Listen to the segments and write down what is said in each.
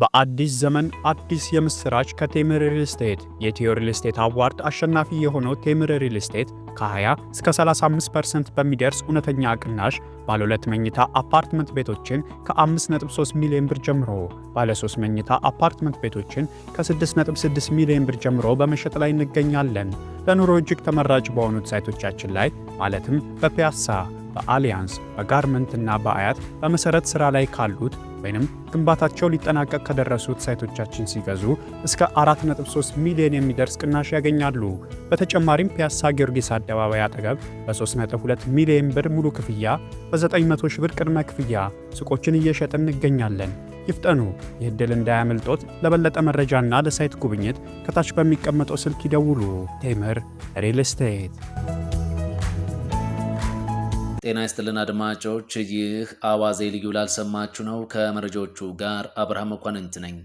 በአዲስ ዘመን አዲስ የምስራች ከቴምር ሪል ስቴት የቴዮ ሪል ስቴት አዋርድ አሸናፊ የሆነው ቴምር ሪል ስቴት ከ20 እስከ 35% በሚደርስ እውነተኛ ቅናሽ ባለ ሁለት መኝታ አፓርትመንት ቤቶችን ከ5.3 ሚሊዮን ብር ጀምሮ፣ ባለ 3 መኝታ አፓርትመንት ቤቶችን ከ6.6 ሚሊዮን ብር ጀምሮ በመሸጥ ላይ እንገኛለን። ለኑሮ እጅግ ተመራጭ በሆኑት ሳይቶቻችን ላይ ማለትም በፒያሳ በአሊያንስ በጋርመንት እና በአያት በመሰረት ሥራ ላይ ካሉት ወይም ግንባታቸው ሊጠናቀቅ ከደረሱት ሳይቶቻችን ሲገዙ እስከ 4.3 ሚሊዮን የሚደርስ ቅናሽ ያገኛሉ። በተጨማሪም ፒያሳ ጊዮርጊስ አደባባይ አጠገብ በ3.2 ሚሊዮን ብር ሙሉ ክፍያ፣ በ900 ሺህ ብር ቅድመ ክፍያ ሱቆችን እየሸጥን እንገኛለን። ይፍጠኑ! ይህ ዕድል እንዳያመልጦት። ለበለጠ መረጃና ለሳይት ጉብኝት ከታች በሚቀመጠው ስልክ ይደውሉ። ቴምር ሪል ስቴት ጤና ይስጥልን አድማጮች፣ ይህ አዋዜ ልዩ ላልሰማችሁ ነው። ከመረጃዎቹ ጋር አብርሃም መኳንንት ነኝ።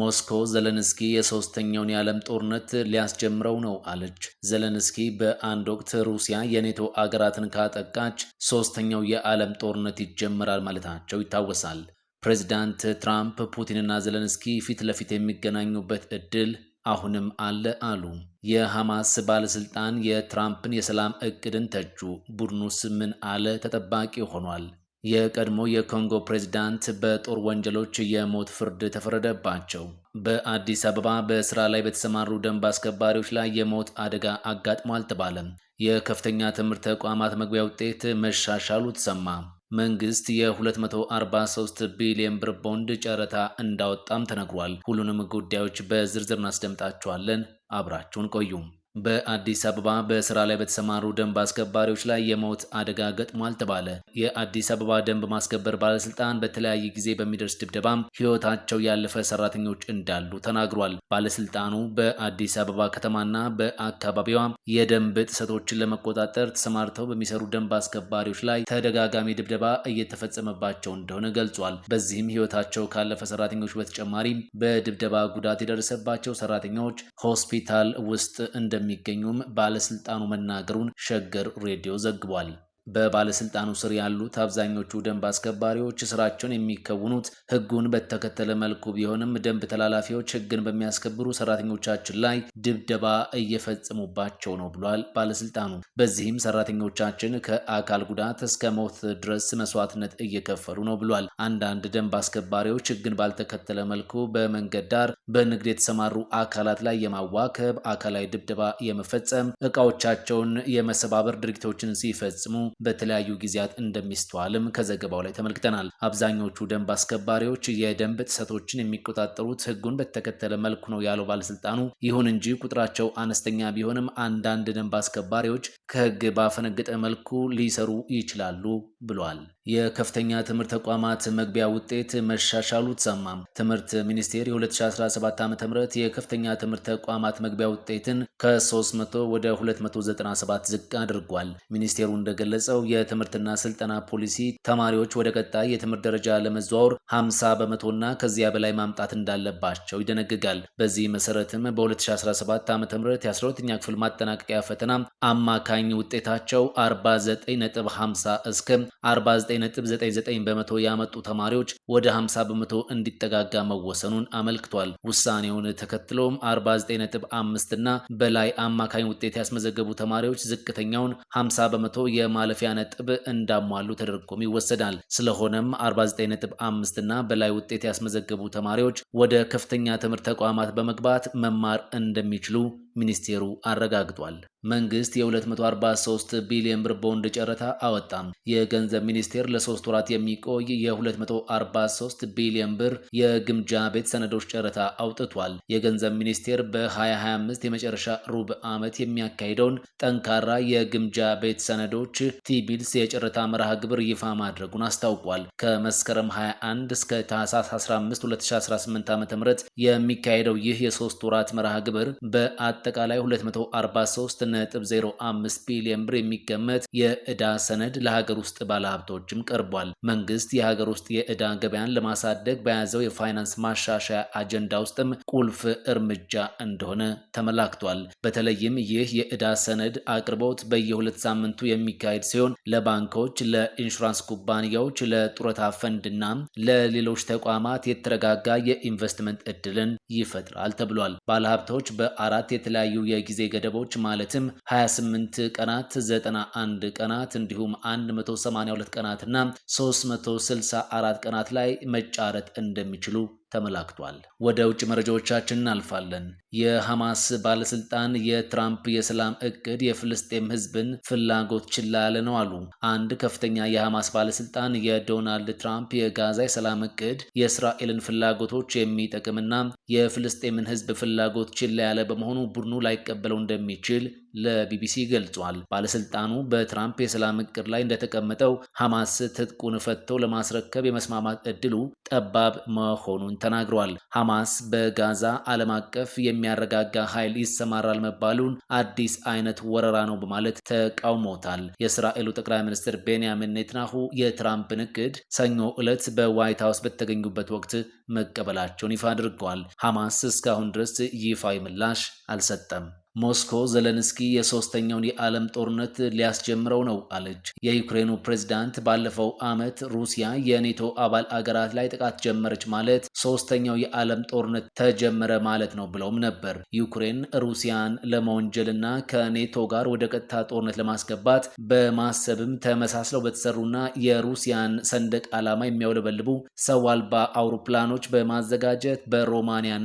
ሞስኮ ዘለንስኪ የሶስተኛውን የዓለም ጦርነት ሊያስጀምረው ነው አለች። ዘለንስኪ በአንድ ወቅት ሩሲያ የኔቶ አገራትን ካጠቃች ሶስተኛው የዓለም ጦርነት ይጀምራል ማለታቸው ይታወሳል። ፕሬዚዳንት ትራምፕ ፑቲንና ዘለንስኪ ፊት ለፊት የሚገናኙበት ዕድል አሁንም አለ አሉ። የሐማስ ባለሥልጣን የትራምፕን የሰላም ዕቅድን ተቹ። ቡድኑስ ምን አለ? ተጠባቂ ሆኗል። የቀድሞ የኮንጎ ፕሬዝዳንት በጦር ወንጀሎች የሞት ፍርድ ተፈረደባቸው። በአዲስ አበባ በስራ ላይ በተሰማሩ ደንብ አስከባሪዎች ላይ የሞት አደጋ አጋጥሞ አልተባለም። የከፍተኛ ትምህርት ተቋማት መግቢያ ውጤት መሻሻሉ ተሰማ። መንግስት የ243 ቢሊዮን ብር ቦንድ ጨረታ እንዳወጣም ተነግሯል። ሁሉንም ጉዳዮች በዝርዝር እናስደምጣቸዋለን። አብራችሁን ቆዩም። በአዲስ አበባ በስራ ላይ በተሰማሩ ደንብ አስከባሪዎች ላይ የሞት አደጋ ገጥሟል ተባለ። የአዲስ አበባ ደንብ ማስከበር ባለስልጣን በተለያየ ጊዜ በሚደርስ ድብደባም ሕይወታቸው ያለፈ ሰራተኞች እንዳሉ ተናግሯል። ባለስልጣኑ በአዲስ አበባ ከተማና በአካባቢዋ የደንብ ጥሰቶችን ለመቆጣጠር ተሰማርተው በሚሰሩ ደንብ አስከባሪዎች ላይ ተደጋጋሚ ድብደባ እየተፈጸመባቸው እንደሆነ ገልጿል። በዚህም ሕይወታቸው ካለፈ ሰራተኞች በተጨማሪ በድብደባ ጉዳት የደረሰባቸው ሰራተኞች ሆስፒታል ውስጥ እንደሚ እንደሚገኙም ባለስልጣኑ መናገሩን ሸገር ሬዲዮ ዘግቧል። በባለስልጣኑ ስር ያሉት አብዛኞቹ ደንብ አስከባሪዎች ስራቸውን የሚከውኑት ህጉን በተከተለ መልኩ ቢሆንም ደንብ ተላላፊዎች ህግን በሚያስከብሩ ሰራተኞቻችን ላይ ድብደባ እየፈጸሙባቸው ነው ብሏል ባለስልጣኑ። በዚህም ሰራተኞቻችን ከአካል ጉዳት እስከ ሞት ድረስ መስዋዕትነት እየከፈሉ ነው ብሏል። አንዳንድ ደንብ አስከባሪዎች ህግን ባልተከተለ መልኩ በመንገድ ዳር በንግድ የተሰማሩ አካላት ላይ የማዋከብ አካላዊ ድብደባ የመፈጸም እቃዎቻቸውን የመሰባበር ድርጊቶችን ሲፈጽሙ በተለያዩ ጊዜያት እንደሚስተዋልም ከዘገባው ላይ ተመልክተናል። አብዛኞቹ ደንብ አስከባሪዎች የደንብ ጥሰቶችን የሚቆጣጠሩት ህጉን በተከተለ መልኩ ነው ያለው ባለስልጣኑ፣ ይሁን እንጂ ቁጥራቸው አነስተኛ ቢሆንም አንዳንድ ደንብ አስከባሪዎች ከህግ ባፈነገጠ መልኩ ሊሰሩ ይችላሉ ብሏል። የከፍተኛ ትምህርት ተቋማት መግቢያ ውጤት መሻሻሉ ተሰማ። ትምህርት ሚኒስቴር የ2017 ዓ ም የከፍተኛ ትምህርት ተቋማት መግቢያ ውጤትን ከ300 ወደ 297 ዝቅ አድርጓል። ሚኒስቴሩ እንደገለጸው የትምህርትና ስልጠና ፖሊሲ ተማሪዎች ወደ ቀጣይ የትምህርት ደረጃ ለመዘዋወር 50 በመቶና ከዚያ በላይ ማምጣት እንዳለባቸው ይደነግጋል። በዚህ መሰረትም በ2017 ዓ ም የ12ኛ ክፍል ማጠናቀቂያ ፈተና አማካኝ ውጤታቸው 49.50 እስከ 49 9.99 በመቶ ያመጡ ተማሪዎች ወደ 50 በመቶ እንዲጠጋጋ መወሰኑን አመልክቷል። ውሳኔውን ተከትሎም 49.5 እና በላይ አማካኝ ውጤት ያስመዘገቡ ተማሪዎች ዝቅተኛውን 50 በመቶ የማለፊያ ነጥብ እንዳሟሉ ተደርጎም ይወሰዳል። ስለሆነም 49.5 እና በላይ ውጤት ያስመዘገቡ ተማሪዎች ወደ ከፍተኛ ትምህርት ተቋማት በመግባት መማር እንደሚችሉ ሚኒስቴሩ አረጋግጧል። መንግስት የ243 ቢሊዮን ብር ቦንድ ጨረታ አወጣም። የገንዘብ ሚኒስቴር ለሶስት ወራት የሚቆይ የ243 ቢሊዮን ብር የግምጃ ቤት ሰነዶች ጨረታ አውጥቷል። የገንዘብ ሚኒስቴር በ2025 የመጨረሻ ሩብ ዓመት የሚያካሂደውን ጠንካራ የግምጃ ቤት ሰነዶች ቲቢልስ የጨረታ መርሃ ግብር ይፋ ማድረጉን አስታውቋል። ከመስከረም 21 እስከ ታህሳስ 15 2018 ዓ ም የሚካሄደው ይህ የሶስት ወራት መርሃ ግብር በአ በአጠቃላይ 243.05 ቢሊዮን ብር የሚገመት የዕዳ ሰነድ ለሀገር ውስጥ ባለሀብቶችም ቀርቧል። መንግስት የሀገር ውስጥ የዕዳ ገበያን ለማሳደግ በያዘው የፋይናንስ ማሻሻያ አጀንዳ ውስጥም ቁልፍ እርምጃ እንደሆነ ተመላክቷል። በተለይም ይህ የዕዳ ሰነድ አቅርቦት በየሁለት ሳምንቱ የሚካሄድ ሲሆን ለባንኮች፣ ለኢንሹራንስ ኩባንያዎች፣ ለጡረታ ፈንድና ለሌሎች ተቋማት የተረጋጋ የኢንቨስትመንት እድልን ይፈጥራል ተብሏል። ባለሀብቶች በአራት በተለያዩ የጊዜ ገደቦች ማለትም 28 ቀናት፣ 91 ቀናት እንዲሁም 182 ቀናትና 364 ቀናት ላይ መጫረት እንደሚችሉ ተመላክቷል። ወደ ውጭ መረጃዎቻችን እናልፋለን። የሐማስ ባለስልጣን የትራምፕ የሰላም እቅድ የፍልስጤም ህዝብን ፍላጎት ችላ ያለ ነው አሉ። አንድ ከፍተኛ የሐማስ ባለስልጣን የዶናልድ ትራምፕ የጋዛ የሰላም እቅድ የእስራኤልን ፍላጎቶች የሚጠቅምና የፍልስጤምን ህዝብ ፍላጎት ችላ ያለ በመሆኑ ቡድኑ ላይቀበለው እንደሚችል ለቢቢሲ ገልጿል። ባለስልጣኑ በትራምፕ የሰላም እቅድ ላይ እንደተቀመጠው ሐማስ ትጥቁን ፈትቶ ለማስረከብ የመስማማት እድሉ ጠባብ መሆኑን ተናግሯል። ሐማስ በጋዛ ዓለም አቀፍ የሚያረጋጋ ኃይል ይሰማራል መባሉን አዲስ አይነት ወረራ ነው በማለት ተቃውሞታል። የእስራኤሉ ጠቅላይ ሚኒስትር ቤንያሚን ኔትናሁ የትራምፕን እቅድ ሰኞ ዕለት በዋይት ሀውስ በተገኙበት ወቅት መቀበላቸውን ይፋ አድርገዋል። ሐማስ እስካሁን ድረስ ይፋዊ ምላሽ አልሰጠም። ሞስኮ ዘለንስኪ የሶስተኛውን የዓለም ጦርነት ሊያስጀምረው ነው አለች። የዩክሬኑ ፕሬዝዳንት ባለፈው ዓመት ሩሲያ የኔቶ አባል አገራት ላይ ጥቃት ጀመረች ማለት ሶስተኛው የዓለም ጦርነት ተጀመረ ማለት ነው ብለውም ነበር። ዩክሬን ሩሲያን ለመወንጀልና ከኔቶ ጋር ወደ ቀጥታ ጦርነት ለማስገባት በማሰብም ተመሳስለው በተሰሩና የሩሲያን ሰንደቅ ዓላማ የሚያውለበልቡ ሰው አልባ አውሮፕላኖች በማዘጋጀት በሮማኒያና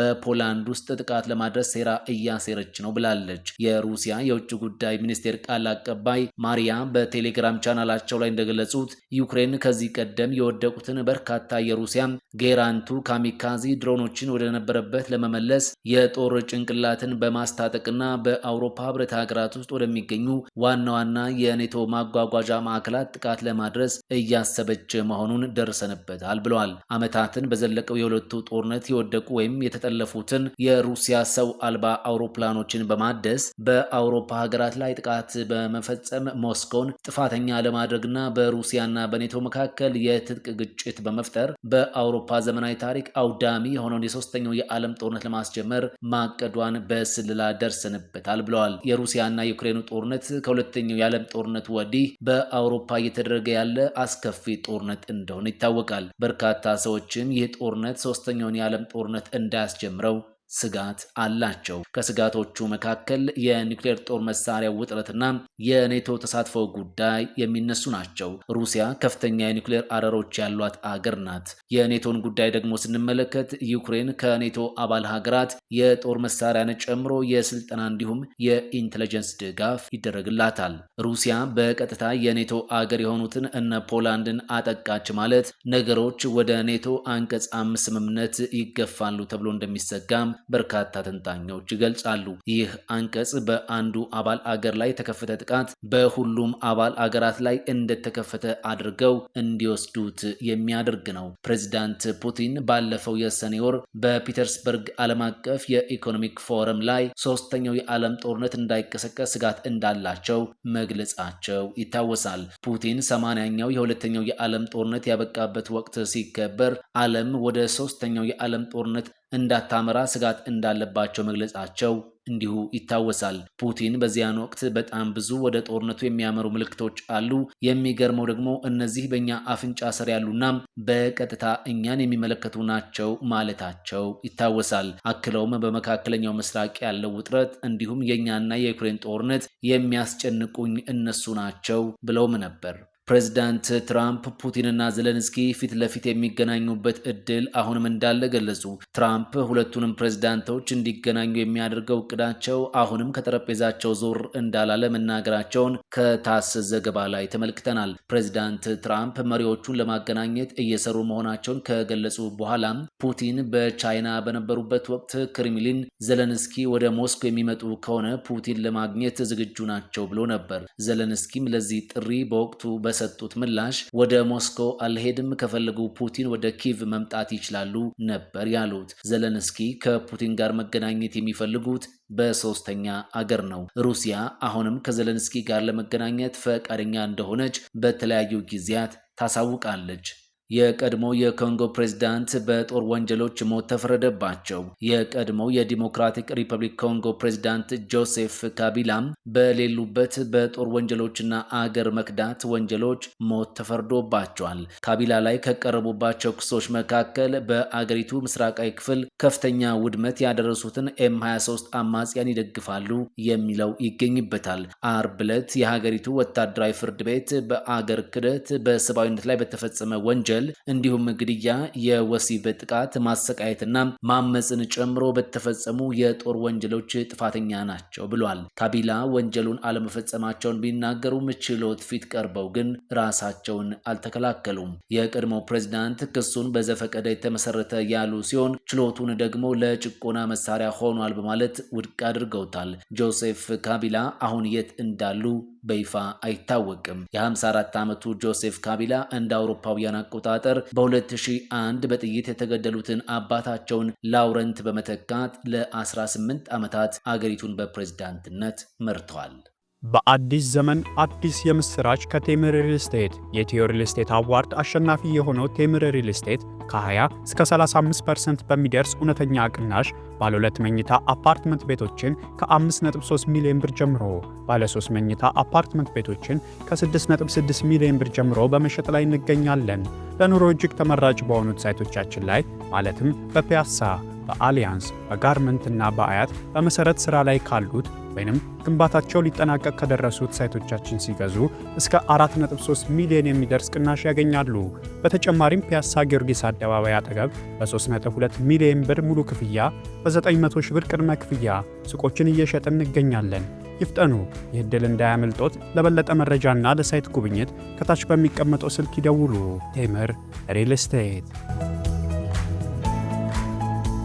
በፖላንድ ውስጥ ጥቃት ለማድረስ ሴራ እያሴረች እያደረገች ነው ብላለች። የሩሲያ የውጭ ጉዳይ ሚኒስቴር ቃል አቀባይ ማሪያ በቴሌግራም ቻናላቸው ላይ እንደገለጹት ዩክሬን ከዚህ ቀደም የወደቁትን በርካታ የሩሲያ ጌራንቱ ካሚካዚ ድሮኖችን ወደነበረበት ለመመለስ የጦር ጭንቅላትን በማስታጠቅና በአውሮፓ ህብረት ሀገራት ውስጥ ወደሚገኙ ዋና ዋና የኔቶ ማጓጓዣ ማዕከላት ጥቃት ለማድረስ እያሰበች መሆኑን ደርሰንበታል ብለዋል። ዓመታትን በዘለቀው የሁለቱ ጦርነት የወደቁ ወይም የተጠለፉትን የሩሲያ ሰው አልባ አውሮፕላኖች አውሮፕላኖችን በማደስ በአውሮፓ ሀገራት ላይ ጥቃት በመፈጸም ሞስኮን ጥፋተኛ ለማድረግና በሩሲያና በኔቶ መካከል የትጥቅ ግጭት በመፍጠር በአውሮፓ ዘመናዊ ታሪክ አውዳሚ የሆነውን የሶስተኛው የዓለም ጦርነት ለማስጀመር ማቀዷን በስልላ ደርሰንበታል ብለዋል። የሩሲያና የዩክሬኑ ጦርነት ከሁለተኛው የዓለም ጦርነት ወዲህ በአውሮፓ እየተደረገ ያለ አስከፊ ጦርነት እንደሆነ ይታወቃል። በርካታ ሰዎችም ይህ ጦርነት ሶስተኛውን የዓለም ጦርነት እንዳያስጀምረው ስጋት አላቸው። ከስጋቶቹ መካከል የኒውክሌር ጦር መሳሪያ ውጥረትና የኔቶ ተሳትፎ ጉዳይ የሚነሱ ናቸው። ሩሲያ ከፍተኛ የኒውክሌር አረሮች ያሏት አገር ናት። የኔቶን ጉዳይ ደግሞ ስንመለከት ዩክሬን ከኔቶ አባል ሀገራት የጦር መሳሪያን ጨምሮ የስልጠና እንዲሁም የኢንቴሊጀንስ ድጋፍ ይደረግላታል። ሩሲያ በቀጥታ የኔቶ አገር የሆኑትን እነ ፖላንድን አጠቃች ማለት ነገሮች ወደ ኔቶ አንቀጽ አምስት ስምምነት ይገፋሉ ተብሎ እንደሚሰጋም በርካታ ተንታኞች ይገልጻሉ። ይህ አንቀጽ በአንዱ አባል አገር ላይ የተከፈተ ጥቃት በሁሉም አባል አገራት ላይ እንደተከፈተ አድርገው እንዲወስዱት የሚያደርግ ነው። ፕሬዚዳንት ፑቲን ባለፈው የሰኔ ወር በፒተርስበርግ ዓለም አቀፍ የኢኮኖሚክ ፎረም ላይ ሶስተኛው የዓለም ጦርነት እንዳይቀሰቀስ ስጋት እንዳላቸው መግለጻቸው ይታወሳል። ፑቲን ሰማንያኛው የሁለተኛው የዓለም ጦርነት ያበቃበት ወቅት ሲከበር ዓለም ወደ ሶስተኛው የዓለም ጦርነት እንዳታመራ ስጋት እንዳለባቸው መግለጻቸው እንዲሁ ይታወሳል። ፑቲን በዚያን ወቅት በጣም ብዙ ወደ ጦርነቱ የሚያመሩ ምልክቶች አሉ። የሚገርመው ደግሞ እነዚህ በእኛ አፍንጫ ስር ያሉና በቀጥታ እኛን የሚመለከቱ ናቸው ማለታቸው ይታወሳል። አክለውም በመካከለኛው ምስራቅ ያለው ውጥረት እንዲሁም የእኛና የዩክሬን ጦርነት የሚያስጨንቁኝ እነሱ ናቸው ብለውም ነበር። ፕሬዚዳንት ትራምፕ ፑቲንና ዘለንስኪ ፊት ለፊት የሚገናኙበት እድል አሁንም እንዳለ ገለጹ። ትራምፕ ሁለቱንም ፕሬዚዳንቶች እንዲገናኙ የሚያደርገው እቅዳቸው አሁንም ከጠረጴዛቸው ዞር እንዳላለ መናገራቸውን ከታስ ዘገባ ላይ ተመልክተናል። ፕሬዚዳንት ትራምፕ መሪዎቹን ለማገናኘት እየሰሩ መሆናቸውን ከገለጹ በኋላም ፑቲን በቻይና በነበሩበት ወቅት ክሪምሊን ዘለንስኪ ወደ ሞስኮ የሚመጡ ከሆነ ፑቲን ለማግኘት ዝግጁ ናቸው ብሎ ነበር። ዘለንስኪም ለዚህ ጥሪ በወቅቱ በ በሰጡት ምላሽ ወደ ሞስኮ አልሄድም፣ ከፈለጉ ፑቲን ወደ ኪቭ መምጣት ይችላሉ ነበር ያሉት። ዘለንስኪ ከፑቲን ጋር መገናኘት የሚፈልጉት በሶስተኛ አገር ነው። ሩሲያ አሁንም ከዘለንስኪ ጋር ለመገናኘት ፈቃደኛ እንደሆነች በተለያዩ ጊዜያት ታሳውቃለች። የቀድሞ የኮንጎ ፕሬዝዳንት በጦር ወንጀሎች ሞት ተፈረደባቸው። የቀድሞ የዲሞክራቲክ ሪፐብሊክ ኮንጎ ፕሬዝዳንት ጆሴፍ ካቢላም በሌሉበት በጦር ወንጀሎችና አገር መክዳት ወንጀሎች ሞት ተፈርዶባቸዋል። ካቢላ ላይ ከቀረቡባቸው ክሶች መካከል በአገሪቱ ምስራቃዊ ክፍል ከፍተኛ ውድመት ያደረሱትን ኤም 23 አማጽያን ይደግፋሉ የሚለው ይገኝበታል። አርብ ዕለት የሀገሪቱ ወታደራዊ ፍርድ ቤት በአገር ክደት በሰብአዊነት ላይ በተፈጸመ ወንጀል መግደል እንዲሁም ግድያ፣ የወሲብ ጥቃት፣ ማሰቃየትና ማመፅን ጨምሮ በተፈጸሙ የጦር ወንጀሎች ጥፋተኛ ናቸው ብሏል። ካቢላ ወንጀሉን አለመፈጸማቸውን ቢናገሩም ችሎት ፊት ቀርበው ግን ራሳቸውን አልተከላከሉም። የቀድሞው ፕሬዚዳንት ክሱን በዘፈቀደ የተመሰረተ ያሉ ሲሆን ችሎቱን ደግሞ ለጭቆና መሳሪያ ሆኗል በማለት ውድቅ አድርገውታል። ጆሴፍ ካቢላ አሁን የት እንዳሉ በይፋ አይታወቅም። የ54 ዓመቱ ጆሴፍ ካቢላ እንደ አውሮፓውያን አቆጣጠር በ2001 በጥይት የተገደሉትን አባታቸውን ላውረንት በመተካት ለ18 ዓመታት አገሪቱን በፕሬዝዳንትነት መርተዋል። በአዲስ ዘመን አዲስ የምስራች ከቴምር ሪል ስቴት የቴዮ ሪል ስቴት አዋርድ አሸናፊ የሆነው ቴምር ሪል ስቴት ከ20 እስከ 35% በሚደርስ እውነተኛ ቅናሽ ባለ ሁለት መኝታ አፓርትመንት ቤቶችን ከ5.3 ሚሊዮን ብር ጀምሮ ባለ 3 መኝታ አፓርትመንት ቤቶችን ከ6.6 ሚሊዮን ብር ጀምሮ በመሸጥ ላይ እንገኛለን። ለኑሮ እጅግ ተመራጭ በሆኑት ሳይቶቻችን ላይ ማለትም በፒያሳ በአሊያንስ በጋርመንት እና በአያት በመሰረት ስራ ላይ ካሉት ወይም ግንባታቸው ሊጠናቀቅ ከደረሱት ሳይቶቻችን ሲገዙ እስከ 4.3 ሚሊዮን የሚደርስ ቅናሽ ያገኛሉ። በተጨማሪም ፒያሳ ጊዮርጊስ አደባባይ አጠገብ በ3.2 ሚሊዮን ብር ሙሉ ክፍያ፣ በ900 ሺህ ብር ቅድመ ክፍያ ሱቆችን እየሸጥን እንገኛለን። ይፍጠኑ! ይህ እንዳያመልጦት። ለበለጠ መረጃና ለሳይት ጉብኝት ከታች በሚቀመጠው ስልክ ይደውሉ። ቴምር ሪል ስቴት